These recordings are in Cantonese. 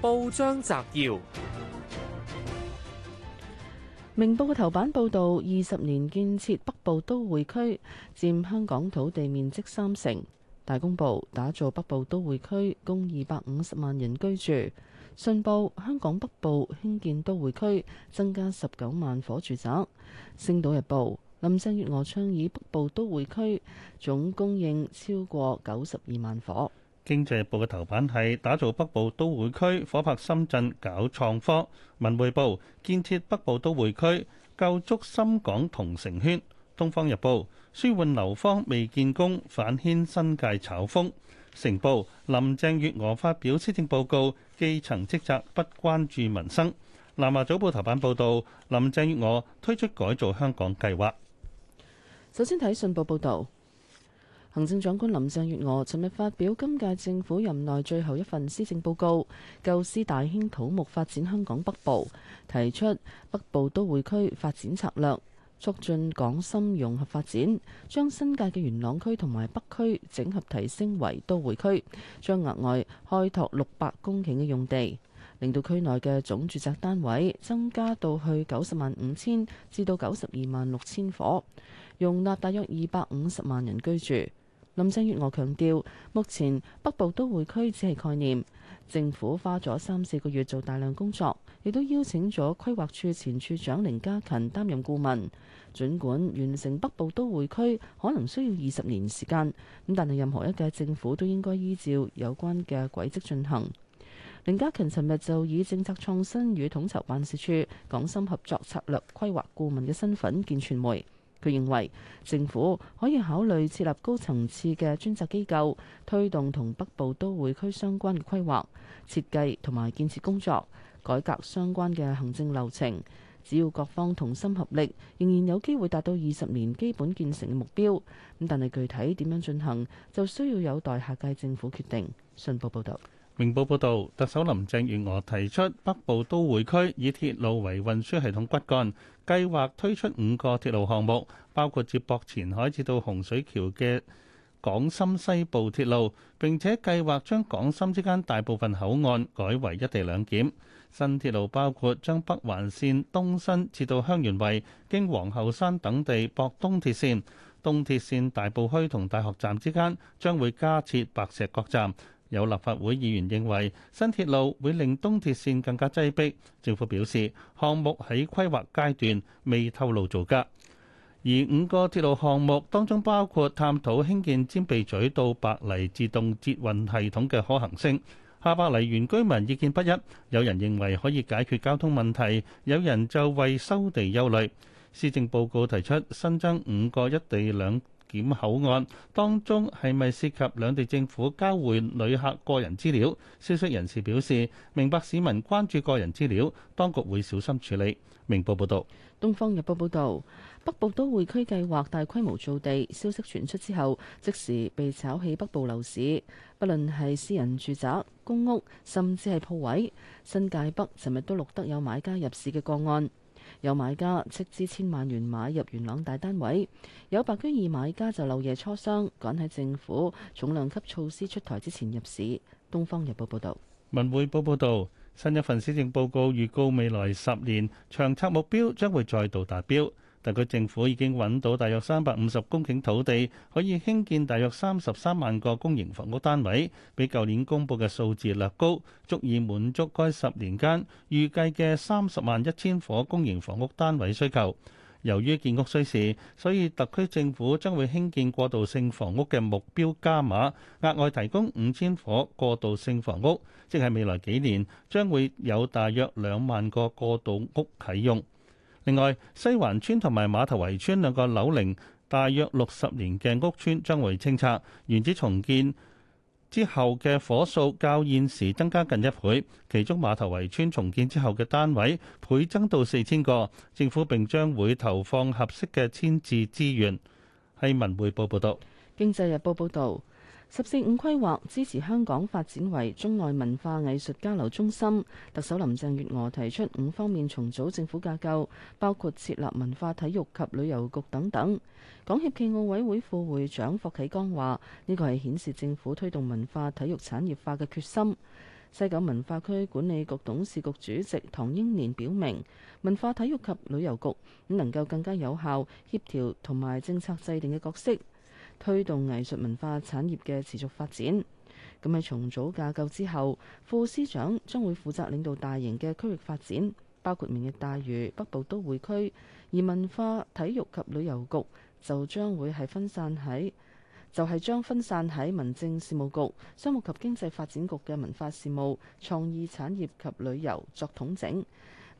報章摘要：明報嘅頭版報道，二十年建設北部都會區，佔香港土地面積三成。大公報打造北部都會區，供二百五十萬人居住。信報香港北部興建都會區，增加十九萬伙住宅。星島日報林鄭月娥倡議北部都會區總供應超過九十二萬伙。經濟日報嘅頭版係打造北部都會區，夥拍深圳搞創科。文匯報建設北部都會區，構築深港同城圈。東方日報紓緩樓荒，未見功反掀新界炒風。成報林鄭月娥發表施政報告，基層職責不關注民生。南華早報頭版報道，林鄭月娥推出改造香港計劃。首先睇信報報道。行政長官林鄭月娥尋日發表今屆政府任內最後一份施政報告，舊施大興土木發展香港北部，提出北部都會區發展策略，促進港深融合發展，將新界嘅元朗區同埋北區整合提升為都會區，將額外開拓六百公頃嘅用地，令到區內嘅總住宅單位增加到去九十萬五千至到九十二萬六千伙。容納大約二百五十萬人居住。林鄭月娥強調，目前北部都會區只係概念，政府花咗三四個月做大量工作，亦都邀請咗規劃處前處長凌嘉勤擔任顧問。盡管完成北部都會區可能需要二十年時間，咁但係任何一屆政府都應該依照有關嘅軌跡進行。凌嘉勤尋日就以政策創新與統籌辦事處港深合作策略規劃顧問嘅身份見傳媒。佢認為政府可以考慮設立高層次嘅專責機構，推動同北部都會區相關嘅規劃、設計同埋建設工作，改革相關嘅行政流程。只要各方同心合力，仍然有機會達到二十年基本建成嘅目標。咁但係具體點樣進行，就需要有待下屆政府決定。信報報道。明報報導，特首林鄭月娥提出北部都會區以鐵路為運輸系統骨幹，計劃推出五個鐵路項目，包括接駁前海至到洪水橋嘅港深西部鐵路，並且計劃將港深之間大部分口岸改為一地兩檢。新鐵路包括將北環線東伸至到香園圍、經皇后山等地駁東鐵線，東鐵線大埔墟同大學站之間將會加設白石角站。有立法會議員認為新鐵路會令東鐵線更加擠迫，政府表示項目喺規劃階段未透露造價。而五個鐵路項目當中包括探討興建尖鼻咀到白泥自動捷運系統嘅可行性。下白泥原居民意見不一，有人認為可以解決交通問題，有人就為收地憂慮。施政報告提出新增五個一地兩檢口岸當中係咪涉及兩地政府交換旅客個人資料？消息人士表示，明白市民關注個人資料，當局會小心處理。明報報道。東方日報報道，北部都會區計劃大規模造地，消息傳出之後，即時被炒起北部樓市。不論係私人住宅、公屋，甚至係鋪位，新界北尋日都錄得有買家入市嘅個案。有買家斥資千萬元買入元朗大單位，有白居二買家就漏夜磋商，趕喺政府重量級措施出台之前入市。《東方日報》報道：文匯報報道，新一份施政報告預告未來十年長策目標將會再度達標。特區政府已經揾到大約三百五十公頃土地，可以興建大約三十三萬個公營房屋單位，比舊年公佈嘅數字略高，足以滿足該十年間預計嘅三十萬一千伙公營房屋單位需求。由於建屋需時，所以特區政府將會興建過渡性房屋嘅目標加碼，額外提供五千伙過渡性房屋，即係未來幾年將會有大約兩萬個過渡屋啟用。另外，西環村同埋馬頭圍村兩個樓齡大約六十年嘅屋村將會清拆，原址重建之後嘅伙數較現時增加近一倍，其中馬頭圍村重建之後嘅單位倍增到四千個，政府並將會投放合適嘅遷置資源。係文匯報報道：《經濟日報》報道。十四五規劃支持香港發展為中外文化藝術交流中心。特首林鄭月娥提出五方面重組政府架構，包括設立文化、體育及旅遊局等等。港協暨奧委會副會長霍啟剛話：呢個係顯示政府推動文化、體育產業化嘅決心。西九文化區管理局董事局主席唐英年表明，文化、體育及旅遊局能夠更加有效協調同埋政策制定嘅角色。推動藝術文化產業嘅持續發展。咁喺重組架構之後，副司長將會負責領導大型嘅區域發展，包括明日大嶼、北部都會區。而文化、體育及旅遊局就將會係分散喺就係、係、將分散喺民政事務局、商務及經濟發展局嘅文化事務、創意產業及旅遊作統整，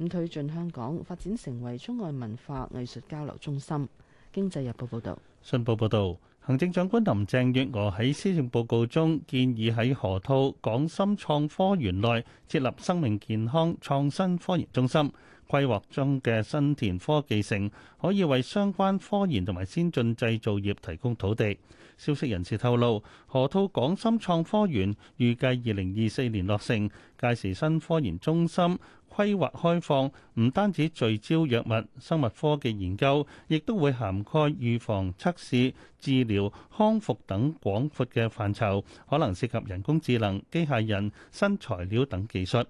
咁推進香港發展成為中外文化藝術交流中心。經濟日報報道。信報報導。行政長官林鄭月娥喺施政報告中建議喺河套港深創科園內設立生命健康創新科研中心，規劃中嘅新田科技城可以為相關科研同埋先進製造業提供土地。消息人士透露，河套港深創科園預計二零二四年落成，屆時新科研中心。規劃開放唔單止聚焦藥物、生物科技研究，亦都會涵蓋預防、測試、治療、康復等廣闊嘅範疇，可能涉及人工智能、機械人、新材料等技術。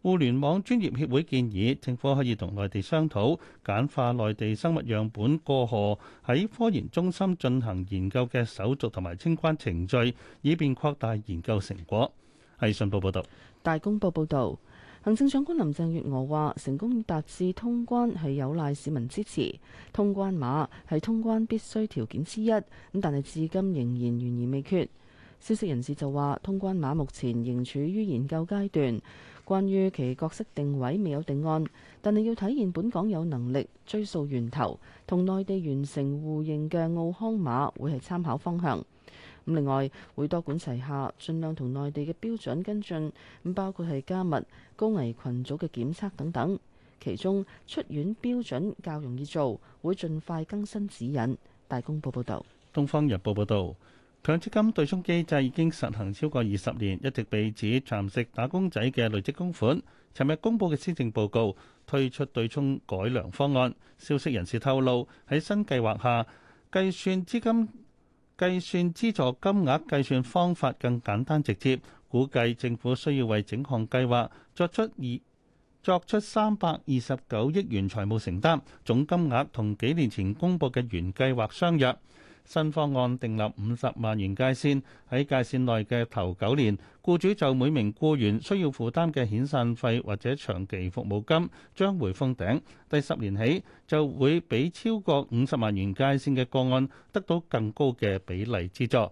互聯網專業協會建議政府可以同內地商討簡化內地生物樣本過河喺科研中心進行研究嘅手續同埋清關程序，以便擴大研究成果。係信報報道，大公報報道。行政長官林鄭月娥話：成功達至通關係有賴市民支持，通關碼係通關必須條件之一。咁但係至今仍然懸而未決。消息人士就話：通關碼目前仍處於研究階段，關於其角色定位未有定案。但係要體現本港有能力追溯源頭同內地完成互認嘅澳康碼會係參考方向。咁另外會多管齊下，盡量同內地嘅標準跟進，咁包括係加密高危羣組嘅檢測等等。其中出院標準較容易做，會盡快更新指引。大公報報導，《東方日報》報導，強積金對沖機制已經實行超過二十年，一直被指蠶食打工仔嘅累積供款。尋日公佈嘅施政報告推出對沖改良方案，消息人士透露喺新計劃下計算資金。計算資助金額計算方法更簡單直接，估計政府需要為整項計劃作出二作出三百二十九億元財務承擔，總金額同幾年前公佈嘅原計劃相若。新方案訂立五十萬元界線，喺界線內嘅頭九年，僱主就每名僱員需要負擔嘅遣散費或者長期服務金將會封頂。第十年起就會俾超過五十萬元界線嘅個案得到更高嘅比例資助。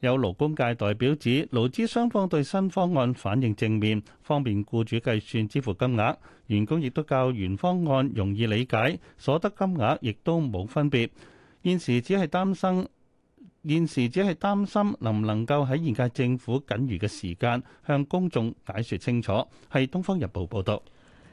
有勞工界代表指，勞資雙方對新方案反應正面，方便僱主計算支付金額，員工亦都較原方案容易理解，所得金額亦都冇分別。現時只係擔心，現時只係擔心能唔能夠喺現屆政府僅餘嘅時間向公眾解說清楚。係《東方日報》報導，《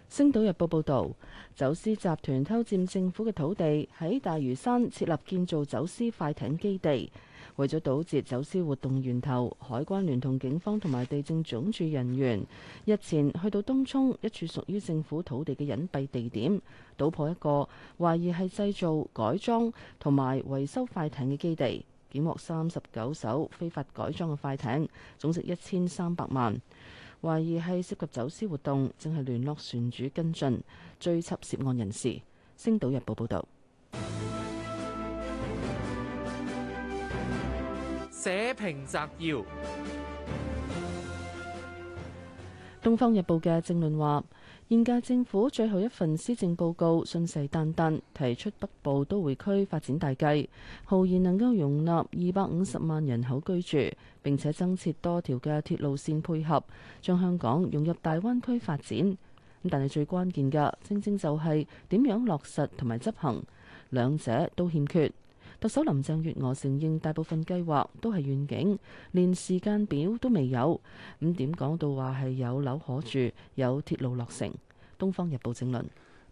星島日報》報導，走私集團偷佔政府嘅土地，喺大嶼山設立建造走私快艇基地。為咗堵截走私活動源頭，海關聯同警方同埋地政總署人員日前去到東涌一處屬於政府土地嘅隱蔽地點，搗破一個懷疑係製造、改裝同埋維修快艇嘅基地，檢獲三十九艘非法改裝嘅快艇，總值一千三百萬，懷疑係涉及走私活動，正係聯絡船主跟進追緝涉案人士。星島日報報道。報章摘要，《東方日報》嘅政論話，現屆政府最後一份施政報告信誓旦旦提出北部都會區發展大計，豪言能夠容納二百五十萬人口居住，並且增設多條嘅鐵路線配合，將香港融入大灣區發展。但係最關鍵嘅，正正就係點樣落實同埋執行，兩者都欠缺。特首林鄭月娥承認大部分計劃都係願景，連時間表都未有。咁點講到話係有樓可住、有鐵路落成？《東方日報》正論。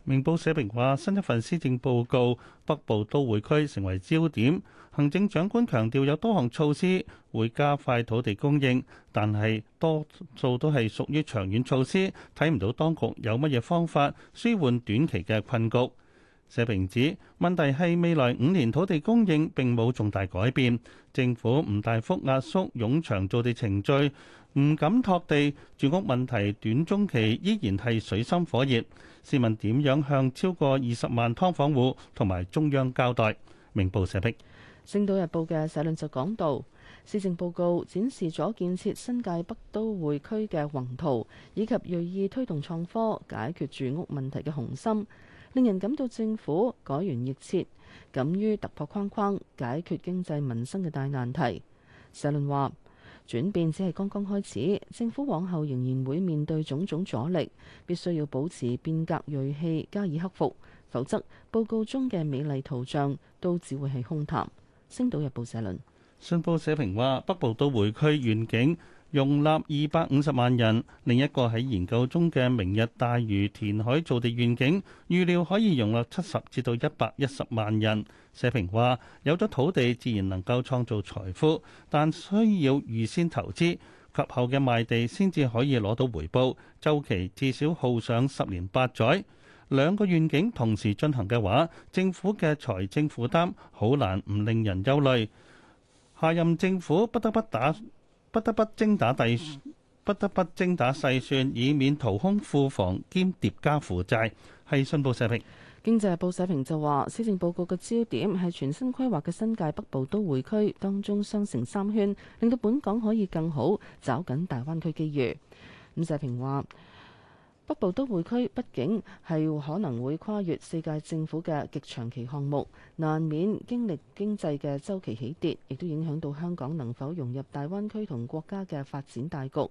明報社評話：新一份施政報告北部都會區成為焦點，行政長官強調有多項措施會加快土地供應，但係多數都係屬於長遠措施，睇唔到當局有乜嘢方法舒緩短期嘅困局。社評指問題係未來五年土地供應並冇重大改變，政府唔大幅壓縮冗長造地程序，唔敢拓地，住屋問題短中期依然係水深火熱，市民點樣向超過二十萬劏房戶同埋中央交代？明報社評，《星島日報》嘅社論就講到，施政報告展示咗建設新界北都會區嘅宏圖，以及鋭意推動創科解決住屋問題嘅雄心。令人感到政府改弦易轍，敢於突破框框，解決經濟民生嘅大難題。社論話，轉變只係剛剛開始，政府往後仍然會面對種種阻力，必須要保持變革銳氣，加以克服，否則報告中嘅美麗圖像都只會係空談。星島日報社論，信報社評話北部都會區願景，容納二百五十萬人，另一個喺研究中嘅明日大嶼填海造地願景，預料可以容納七十至到一百一十萬人。社評話：有咗土地，自然能夠創造財富，但需要預先投資及後嘅賣地先至可以攞到回報，週期至少耗上十年八載。兩個願景同時進行嘅話，政府嘅財政負擔好難唔令人憂慮。下任政府不得不打。不得不，不得不精打細不得不精打細算，以免掏空庫房兼疊加負債。係，信報社評，經濟報社評就話，施政報告嘅焦點係全新規劃嘅新界北部都會區，當中雙城三圈，令到本港可以更好抓緊大灣區機遇。咁社評話，北部都會區畢竟係可能會跨越世界政府嘅極長期項目，難免經歷經濟嘅週期起跌，亦都影響到香港能否融入大灣區同國家嘅發展大局。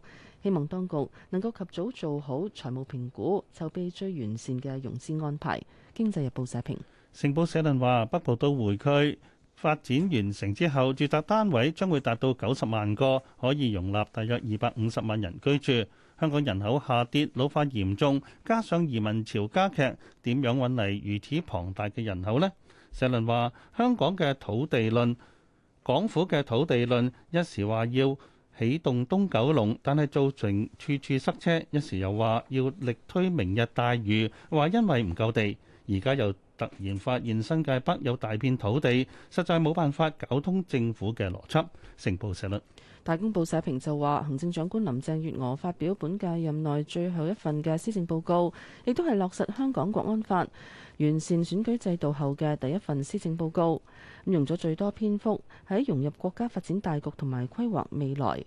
希望當局能夠及早做好財務評估，籌備最完善嘅融資安排。經濟日報社評。成報社論話：北部都會區發展完成之後，住宅單位將會達到九十萬個，可以容納大約二百五十萬人居住。香港人口下跌、老化嚴重，加上移民潮加劇，點樣揾嚟如此龐大嘅人口呢？社論話香港嘅土地論，港府嘅土地論一時話要起動東九龍，但係造成處處塞車，一時又話要力推明日大嶼，話因為唔夠地，而家又突然發現新界北有大片土地，實在冇辦法搞通政府嘅邏輯，成報社論。大公報社評就話，行政長官林鄭月娥發表本屆任內最後一份嘅施政報告，亦都係落實香港國安法、完善選舉制度後嘅第一份施政報告。用咗最多篇幅喺融入國家發展大局同埋規劃未來，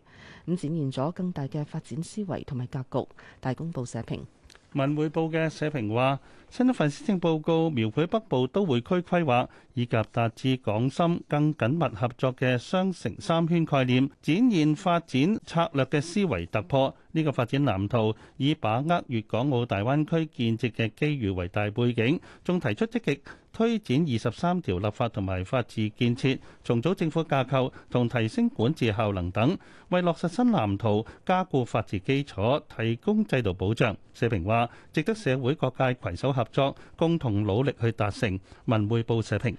咁展現咗更大嘅發展思維同埋格局。大公報社評。文匯報嘅社評話：新一份施政報告描繪北部都會區規劃，以及達至港深更緊密合作嘅雙城三圈概念，展現發展策略嘅思維突破。呢個發展藍圖以把握粵港澳大灣區建設嘅機遇為大背景，仲提出積極。推展二十三條立法同埋法治建設，重組政府架構同提升管治效能等，為落實新藍圖加固法治基礎，提供制度保障。社評話：值得社會各界攜手合作，共同努力去達成。文匯報社評。